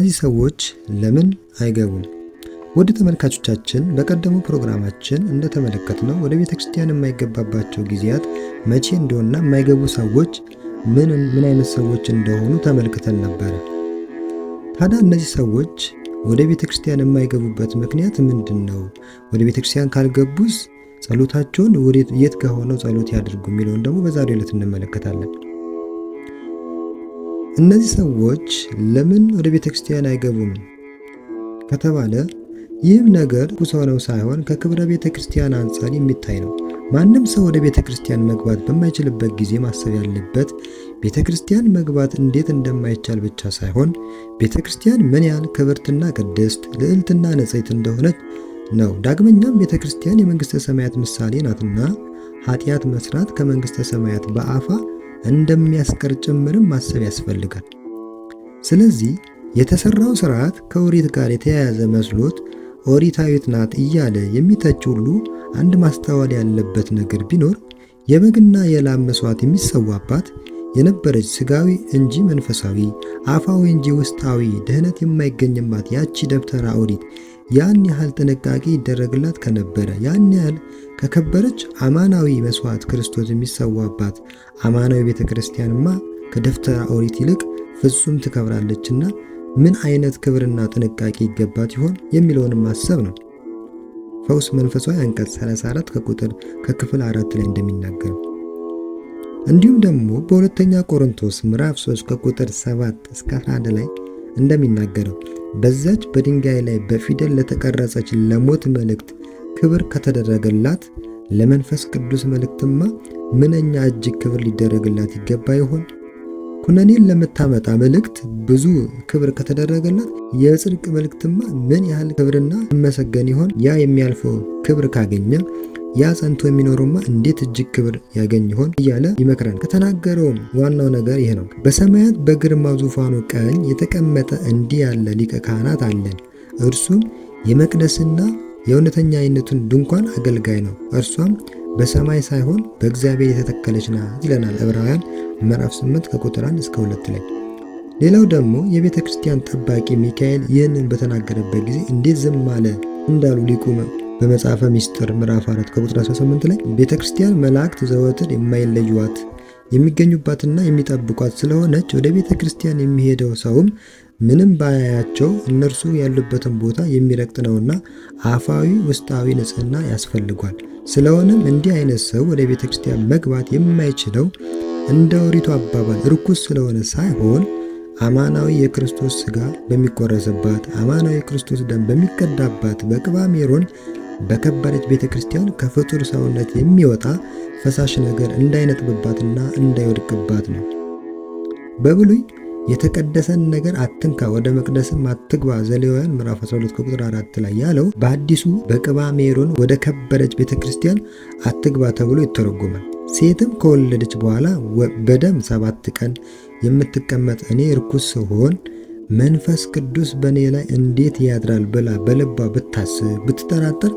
እነዚህ ሰዎች ለምን አይገቡም? ወደ ተመልካቾቻችን በቀደሙ ፕሮግራማችን እንደተመለከትነው ወደ ቤተ ክርስቲያን የማይገባባቸው ጊዜያት መቼ እንደሆነና የማይገቡ ሰዎች ምን ምን አይነት ሰዎች እንደሆኑ ተመልክተን ነበረ። ታዲያ እነዚህ ሰዎች ወደ ቤተ ክርስቲያን የማይገቡበት ምክንያት ምንድን ነው? ወደ ቤተ ክርስቲያን ካልገቡስ ጸሎታቸውን የት ከሆነው ጸሎት ያድርጉ የሚለውን ደግሞ በዛሬው ዕለት እንመለከታለን። እነዚህ ሰዎች ለምን ወደ ቤተ ክርስቲያን አይገቡም ከተባለ ይህም ነገር ቁሳዊ ነው ሳይሆን ከክብረ ቤተ ክርስቲያን አንጻር የሚታይ ነው። ማንም ሰው ወደ ቤተ ክርስቲያን መግባት በማይችልበት ጊዜ ማሰብ ያለበት ቤተ ክርስቲያን መግባት እንዴት እንደማይቻል ብቻ ሳይሆን ቤተ ክርስቲያን ምን ያህል ክብርትና ቅድስት፣ ልዕልትና ነጽሕት እንደሆነች ነው። ዳግመኛም ቤተ ክርስቲያን የመንግሥተ ሰማያት ምሳሌ ናትና ኃጢአት መስራት ከመንግሥተ ሰማያት በአፋ እንደሚያስቀር ጭምርም ማሰብ ያስፈልጋል። ስለዚህ የተሰራው ስርዓት ከኦሪት ጋር የተያያዘ መስሎት ኦሪታዊት ናት እያለ የሚተች ሁሉ አንድ ማስተዋል ያለበት ነገር ቢኖር የበግና የላም መስዋዕት የሚሰዋባት የነበረች ስጋዊ እንጂ መንፈሳዊ አፋዊ እንጂ ውስጣዊ ድህነት የማይገኝባት ያቺ ደብተራ ኦሪት ያን ያህል ጥንቃቄ ይደረግላት ከነበረ ያን ያህል ከከበረች አማናዊ መስዋዕት ክርስቶስ የሚሰዋባት አማናዊ ቤተ ክርስቲያንማ ከደብተራ ኦሪት ይልቅ ፍጹም ትከብራለችና ምን አይነት ክብርና ጥንቃቄ ይገባት ይሆን የሚለውንም ማሰብ ነው። ፈውስ መንፈሳዊ አንቀጽ 34 ከቁጥር ከክፍል አራት ላይ እንደሚናገረው እንዲሁም ደግሞ በሁለተኛ ቆሮንቶስ ምዕራፍ 3 ከቁጥር 7 እስከ 11 ላይ እንደሚናገረው በዛች በድንጋይ ላይ በፊደል ለተቀረጸች ለሞት መልእክት ክብር ከተደረገላት ለመንፈስ ቅዱስ መልእክትማ ምንኛ እጅግ ክብር ሊደረግላት ይገባ ይሆን? ኩነኔን ለምታመጣ መልእክት ብዙ ክብር ከተደረገላት የጽድቅ መልእክትማ ምን ያህል ክብርና መሰገን ይሆን? ያ የሚያልፈው ክብር ካገኘ ያ ጸንቶ የሚኖሩማ እንዴት እጅግ ክብር ያገኝ ይሆን እያለ ይመክረን። ከተናገረውም ዋናው ነገር ይሄ ነው። በሰማያት በግርማ ዙፋኑ ቀኝ የተቀመጠ እንዲህ ያለ ሊቀ ካህናት አለን። እርሱም የመቅደስና የእውነተኛ አይነቱን ድንኳን አገልጋይ ነው። እርሷም በሰማይ ሳይሆን በእግዚአብሔር የተተከለች ናት ይለናል ዕብራውያን ምዕራፍ 8 ከቁጥር 1 እስከ 2 ላይ። ሌላው ደግሞ የቤተ ክርስቲያን ጠባቂ ሚካኤል ይህንን በተናገረበት ጊዜ እንዴት ዝም አለ እንዳሉ ሊቁ በመጽሐፈ ሚስጥር ምዕራፍ 4 ከቁጥር 18 ላይ ቤተ ክርስቲያን መላእክት ዘወትር የማይለዩዋት የሚገኙባትና የሚጠብቋት ስለሆነች ወደ ቤተ ክርስቲያን የሚሄደው ሰውም ምንም ባያያቸው እነርሱ ያሉበትን ቦታ የሚረግጥ ነውና አፋዊ ውስጣዊ ንጽህና ያስፈልጓል። ስለሆነም እንዲህ አይነት ሰው ወደ ቤተ ክርስቲያን መግባት የማይችለው እንደ ኦሪቱ አባባል ርኩስ ስለሆነ ሳይሆን አማናዊ የክርስቶስ ሥጋ በሚቆረስባት አማናዊ የክርስቶስ ደም በሚቀዳባት በቅባ ሜሮን በከበረች ቤተ ክርስቲያን ከፍጡር ሰውነት የሚወጣ ፈሳሽ ነገር እንዳይነጥብባትና እንዳይወድቅባት ነው። በብሉይ የተቀደሰን ነገር አትንካ፣ ወደ መቅደስም አትግባ ዘሌዋውያን ምዕራፍ 12 ቁጥር 4 ላይ ያለው በአዲሱ በቅባ ሜሮን ወደ ከበረች ቤተ ክርስቲያን አትግባ ተብሎ ይተረጎማል። ሴትም ከወለደች በኋላ በደም ሰባት ቀን የምትቀመጥ እኔ ርኩስ ስሆን መንፈስ ቅዱስ በእኔ ላይ እንዴት ያድራል ብላ በልባ ብታስብ ብትጠራጠር፣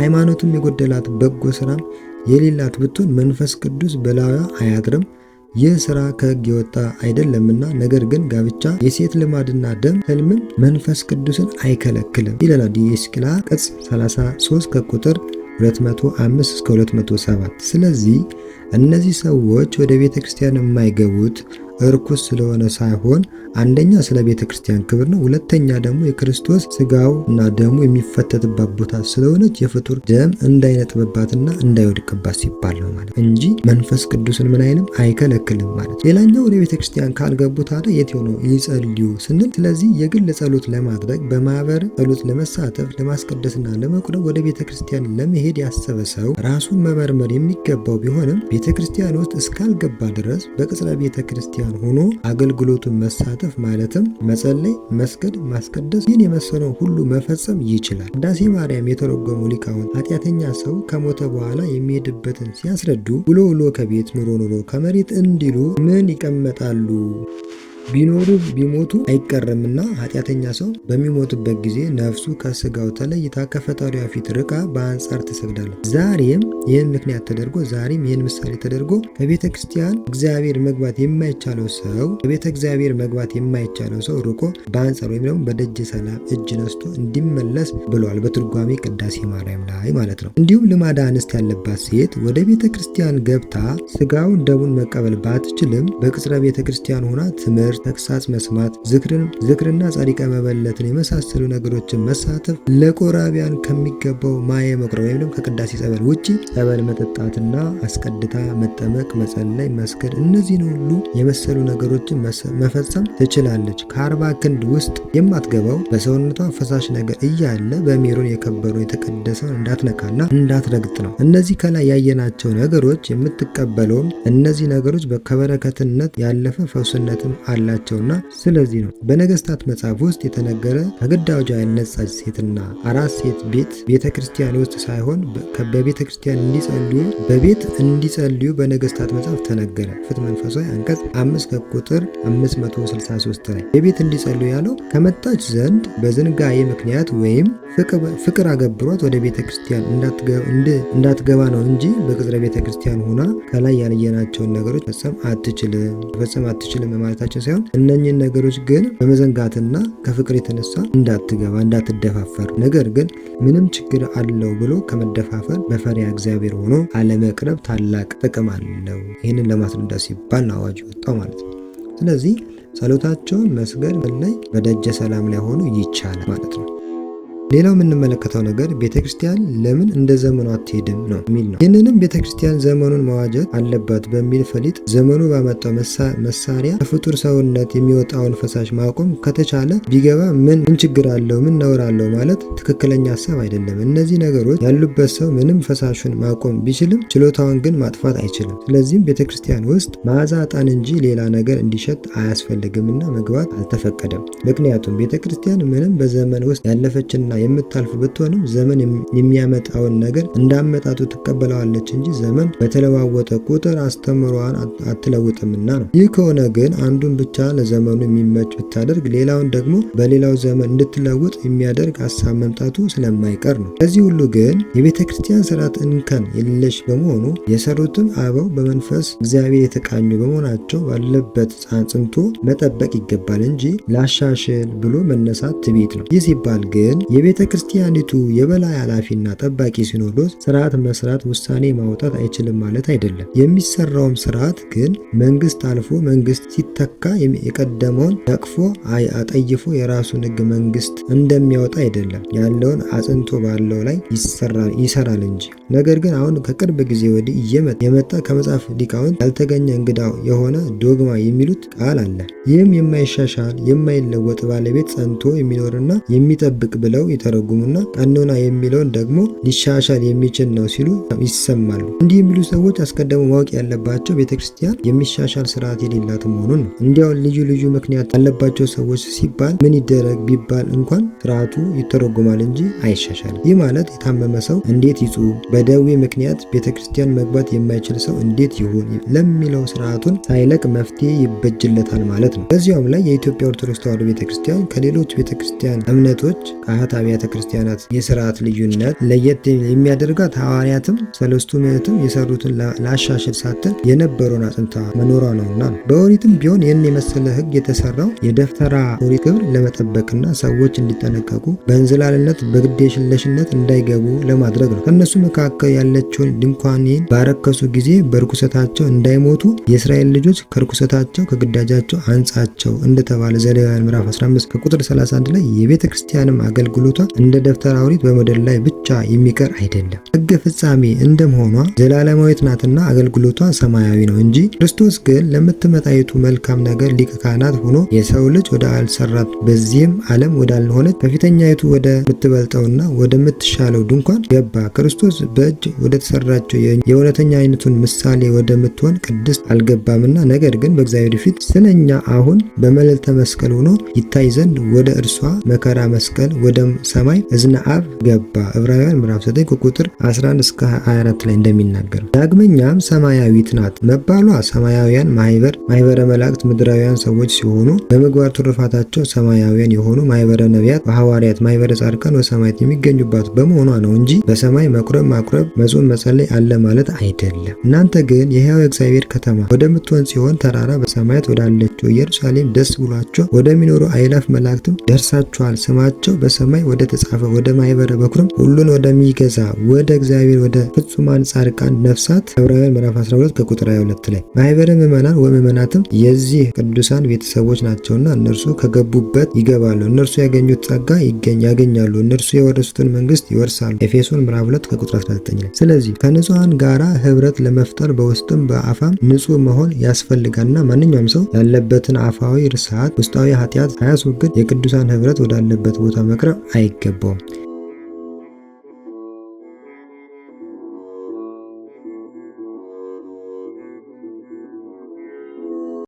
ሃይማኖትም የጎደላት በጎ ስራም የሌላት ብትሆን መንፈስ ቅዱስ በላዩ አያድርም። ይህ ስራ ከሕግ የወጣ አይደለምና። ነገር ግን ጋብቻ፣ የሴት ልማድና ደም ህልምም መንፈስ ቅዱስን አይከለክልም ይለናል ዲዮስቅልያ ቅጽ 33 ከቁጥር 205 እስከ 207። ስለዚህ እነዚህ ሰዎች ወደ ቤተ ክርስቲያን የማይገቡት እርኩስ ስለሆነ ሳይሆን አንደኛ ስለ ቤተ ክርስቲያን ክብር ነው፣ ሁለተኛ ደግሞ የክርስቶስ ስጋው እና ደሙ የሚፈተትባት ቦታ ስለሆነች የፍጡር ደም እንዳይነጥብባትና እንዳይወድቅባት ሲባል ነው ማለት እንጂ መንፈስ ቅዱስን ምን አይልም አይከለክልም ማለት። ሌላኛው ወደ ቤተ ክርስቲያን ካልገቡ ታዲያ የት ሆነው ይጸልዩ ስንል፣ ስለዚህ የግል ጸሎት ለማድረግ በማህበር ጸሎት ለመሳተፍ ለማስቀደስና ለመቁረብ ወደ ቤተ ክርስቲያን ለመሄድ ያሰበ ሰው ራሱን መመርመር የሚገባው ቢሆንም ቤተ ክርስቲያን ውስጥ እስካልገባ ድረስ በቅጽረ ቤተ ክርስቲያን ክርስቲያን ሆኖ አገልግሎቱን መሳተፍ ማለትም መጸለይ፣ መስገድ፣ ማስቀደስ ይህን የመሰለው ሁሉ መፈጸም ይችላል። ውዳሴ ማርያም የተረጎመው ሊቃውንት ኃጢአተኛ ሰው ከሞተ በኋላ የሚሄድበትን ሲያስረዱ ውሎ ውሎ ከቤት ኑሮ ኑሮ ከመሬት እንዲሉ ምን ይቀመጣሉ? ቢኖሩ ቢሞቱ አይቀርምና ኃጢአተኛ ሰው በሚሞትበት ጊዜ ነፍሱ ከስጋው ተለይታ ከፈጣሪዋ ፊት ርቃ በአንጻር ትሰግዳለች። ዛሬም ይህን ምክንያት ተደርጎ ዛሬም ይህን ምሳሌ ተደርጎ ከቤተ ክርስቲያን እግዚአብሔር መግባት የማይቻለው ሰው ከቤተ እግዚአብሔር መግባት የማይቻለው ሰው ርቆ በአንጻር ወይም ደግሞ በደጀ ሰላም እጅ ነስቶ እንዲመለስ ብሏል። በትርጓሜ ቅዳሴ ማርያም ላይ ማለት ነው። እንዲሁም ልማዳ አንስት ያለባት ሴት ወደ ቤተ ክርስቲያን ገብታ ስጋውን ደሙን መቀበል ባትችልም በቅጽረ ቤተ ክርስቲያን ሆና ትምህርት ነገሮች ተግሳጽ መስማት፣ ዝክርና ጻድቃ መበለትን የመሳሰሉ ነገሮችን መሳተፍ ለቆራቢያን ከሚገባው ማየ መቁረ ወይም ደግሞ ከቅዳሴ ጸበል ውጭ ጸበል መጠጣትና አስቀድታ መጠመቅ፣ መጸለይ፣ መስገድ እነዚህን ሁሉ የመሰሉ ነገሮችን መፈጸም ትችላለች። ከአርባ ክንድ ውስጥ የማትገባው በሰውነቷ ፈሳሽ ነገር እያለ በሜሮን የከበሩ የተቀደሰውን እንዳትነካና እንዳትረግጥ ነው። እነዚህ ከላይ ያየናቸው ነገሮች የምትቀበለውም እነዚህ ነገሮች ከበረከትነት ያለፈ ፈውስነትም አለ የሌላቸውና ስለዚህ ነው በነገስታት መጽሐፍ ውስጥ የተነገረ ከግዳጇ ያነጻች ሴትና አራት ሴት ቤት ቤተ ክርስቲያን ውስጥ ሳይሆን በቤተ ክርስቲያን እንዲጸልዩ በቤት እንዲጸልዩ በነገስታት መጽሐፍ ተነገረ። ፍት መንፈሳዊ አንቀጽ አምስት ከቁጥር 563 ላይ የቤት እንዲጸልዩ ያለው ከመጣች ዘንድ በዝንጋዬ ምክንያት ወይም ፍቅር አገብሯት ወደ ቤተ ክርስቲያን እንዳትገባ ነው እንጂ በቅጽረ ቤተ ክርስቲያን ሆና ከላይ ያለየናቸውን ነገሮች ፈጸም አትችልም ፈጸም አትችልም ማለታችን ሳይሆን ሳይሆን እነኝን ነገሮች ግን በመዘንጋትና ከፍቅር የተነሳ እንዳትገባ እንዳትደፋፈር፣ ነገር ግን ምንም ችግር አለው ብሎ ከመደፋፈር በፈሪያ እግዚአብሔር ሆኖ አለመቅረብ ታላቅ ጥቅም አለው። ይህንን ለማስረዳት ሲባል አዋጅ ወጣው ማለት ነው። ስለዚህ ጸሎታቸውን መስገድ ላይ በደጀ ሰላም ላይ ሆኖ ይቻላል ማለት ነው። ሌላው የምንመለከተው ነገር ቤተ ክርስቲያን ለምን እንደ ዘመኑ አትሄድም ነው የሚል ነው። ይህንንም ቤተ ክርስቲያን ዘመኑን መዋጀት አለባት በሚል ፈሊጥ ዘመኑ ባመጣው መሳሪያ ከፍጡር ሰውነት የሚወጣውን ፈሳሽ ማቆም ከተቻለ ቢገባ ምን ምን ችግር አለው? ምን ነውር አለው? ማለት ትክክለኛ ሀሳብ አይደለም። እነዚህ ነገሮች ያሉበት ሰው ምንም ፈሳሹን ማቆም ቢችልም ችሎታውን ግን ማጥፋት አይችልም። ስለዚህም ቤተ ክርስቲያን ውስጥ መዓዛ ዕጣን እንጂ ሌላ ነገር እንዲሸት አያስፈልግምና መግባት አልተፈቀደም። ምክንያቱም ቤተ ክርስቲያን ምንም በዘመን ውስጥ ያለፈችና የምታልፍ ብትሆንም ዘመን የሚያመጣውን ነገር እንዳመጣቱ ትቀበለዋለች እንጂ ዘመን በተለዋወጠ ቁጥር አስተምሯን አትለውጥምና ነው። ይህ ከሆነ ግን አንዱን ብቻ ለዘመኑ የሚመች ብታደርግ ሌላውን ደግሞ በሌላው ዘመን እንድትለውጥ የሚያደርግ ሀሳብ መምጣቱ ስለማይቀር ነው። ከዚህ ሁሉ ግን የቤተ ክርስቲያን ስርዓት እንከን የሌለሽ በመሆኑ የሰሩትም አበው በመንፈስ እግዚአብሔር የተቃኙ በመሆናቸው ባለበት ጽንቶ መጠበቅ ይገባል እንጂ ላሻሽል ብሎ መነሳት ትቢት ነው። ይህ ሲባል ግን የቤተ ክርስቲያኒቱ የበላይ ኃላፊና ጠባቂ ሲኖዶስ ስርዓት መስራት ውሳኔ ማውጣት አይችልም ማለት አይደለም። የሚሰራውም ስርዓት ግን መንግስት አልፎ መንግስት ሲተካ የቀደመውን ነቅፎ አጠይፎ የራሱን ህግ መንግስት እንደሚያወጣ አይደለም፣ ያለውን አጽንቶ ባለው ላይ ይሰራል እንጂ። ነገር ግን አሁን ከቅርብ ጊዜ ወዲህ የመጣ ከመጽሐፍ ሊቃውንት ያልተገኘ እንግዳ የሆነ ዶግማ የሚሉት ቃል አለ። ይህም የማይሻሻል የማይለወጥ ባለቤት ጸንቶ የሚኖርና የሚጠብቅ ብለው ይተረጉሙና ቀኖና የሚለውን ደግሞ ሊሻሻል የሚችል ነው ሲሉ ይሰማሉ። እንዲህ የሚሉ ሰዎች አስቀድመው ማወቅ ያለባቸው ቤተክርስቲያን የሚሻሻል ስርዓት የሌላት መሆኑን ነው። እንዲያውም ልዩ ልዩ ምክንያት ያለባቸው ሰዎች ሲባል ምን ይደረግ ቢባል እንኳን ስርዓቱ ይተረጉማል እንጂ አይሻሻልም። ይህ ማለት የታመመ ሰው እንዴት ይጹም፣ በደዌ ምክንያት ቤተክርስቲያን መግባት የማይችል ሰው እንዴት ይሁን ለሚለው ስርዓቱን ሳይለቅ መፍትሄ ይበጅለታል ማለት ነው። በዚያውም ላይ የኢትዮጵያ ኦርቶዶክስ ተዋሕዶ ቤተክርስቲያን ከሌሎች ቤተክርስቲያን እምነቶች ካህታዊ አብያተ ክርስቲያናት የስርዓት ልዩነት ለየት የሚያደርጋት ሐዋርያትም ሰለስቱ ምዕትም የሰሩትን ላሻሽል ሳትል የነበረውን አጽንታ መኖሯ ነውና በኦሪትም ቢሆን ይህን የመሰለ ህግ የተሰራው የደፍተራ ኦሪት ክብር ለመጠበቅና ሰዎች እንዲጠነቀቁ በእንዝላልነት በግዴለሽነት እንዳይገቡ ለማድረግ ነው። ከእነሱ መካከል ያለችውን ድንኳኔን ባረከሱ ጊዜ በርኩሰታቸው እንዳይሞቱ የእስራኤል ልጆች ከርኩሰታቸው ከግዳጃቸው አንጻቸው እንደተባለ ዘሌዋውያን ምዕራፍ 15 ከቁጥር 31 ላይ የቤተ ክርስቲያንም አገልግሎት መገኘቷ እንደ ደብተራ አውሪት በምድር ላይ ብቻ የሚቀር አይደለም። ሕግ ፍጻሜ እንደመሆኗ ዘላለማዊት ናትና አገልግሎቷ ሰማያዊ ነው እንጂ ክርስቶስ ግን ለምትመጣይቱ መልካም ነገር ሊቀ ካህናት ሆኖ የሰው ልጅ ወደ አልሰራት በዚህም ዓለም ወዳልሆነች ከፊተኛይቱ ወደ ምትበልጠውና ወደምትሻለው ድንኳን ገባ። ክርስቶስ በእጅ ወደ ተሰራቸው የእውነተኛ አይነቱን ምሳሌ ወደምትሆን ቅድስት አልገባምና ነገር ግን በእግዚአብሔር ፊት ስለኛ አሁን በመልዕልተ መስቀል ሆኖ ይታይ ዘንድ ወደ እርሷ መከራ መስቀል ወደ ሰማይ እዝነ አብ ገባ ዕብራውያን ምዕራፍ 9 ቁጥር 11 እስከ 24 ላይ እንደሚናገር ዳግመኛም ሰማያዊት ናት መባሏ ሰማያውያን ማህበር ማህበረ መላእክት ምድራውያን ሰዎች ሲሆኑ በምግባር ትሩፋታቸው ሰማያውያን የሆኑ ማህበረ ነቢያት በሐዋርያት፣ ማህበረ ጻድቃን በሰማያት የሚገኙባት በመሆኗ ነው እንጂ በሰማይ መቁረብ ማቁረብ መጾም መጸለይ አለ ማለት አይደለም። እናንተ ግን የሕያው እግዚአብሔር ከተማ ወደምትሆን ሲሆን ተራራ በሰማያት ወዳለችው ኢየሩሳሌም ደስ ብሏቸው ወደሚኖሩ አይላፍ መላእክትም ደርሳችኋል። ስማቸው በሰማይ ወደ ተጻፈ ወደ ማህበረ በኩርም ሁሉን ወደሚገዛ ወደ እግዚአብሔር ወደ ፍጹማን ጻድቃን ነፍሳት ዕብራውያን ምዕራፍ 12 ከቁጥር 22 ላይ ማይበረ ምዕመናን ወምዕመናትም የዚህ ቅዱሳን ቤተሰቦች ናቸውና እነርሱ ከገቡበት ይገባሉ። እነርሱ ያገኙት ጸጋ ያገኛሉ። እነርሱ የወረሱትን መንግስት ይወርሳሉ። ኤፌሶን ምዕራፍ 2 ከቁጥር 19 ላይ። ስለዚህ ከንጹሐን ጋራ ህብረት ለመፍጠር በውስጥም በአፋም ንጹህ መሆን ያስፈልጋልና ማንኛውም ሰው ያለበትን አፋዊ ርሳት ውስጣዊ ኃጢአት ሳያስወግድ የቅዱሳን ህብረት ወዳለበት ቦታ መቅረብ አይገባውም።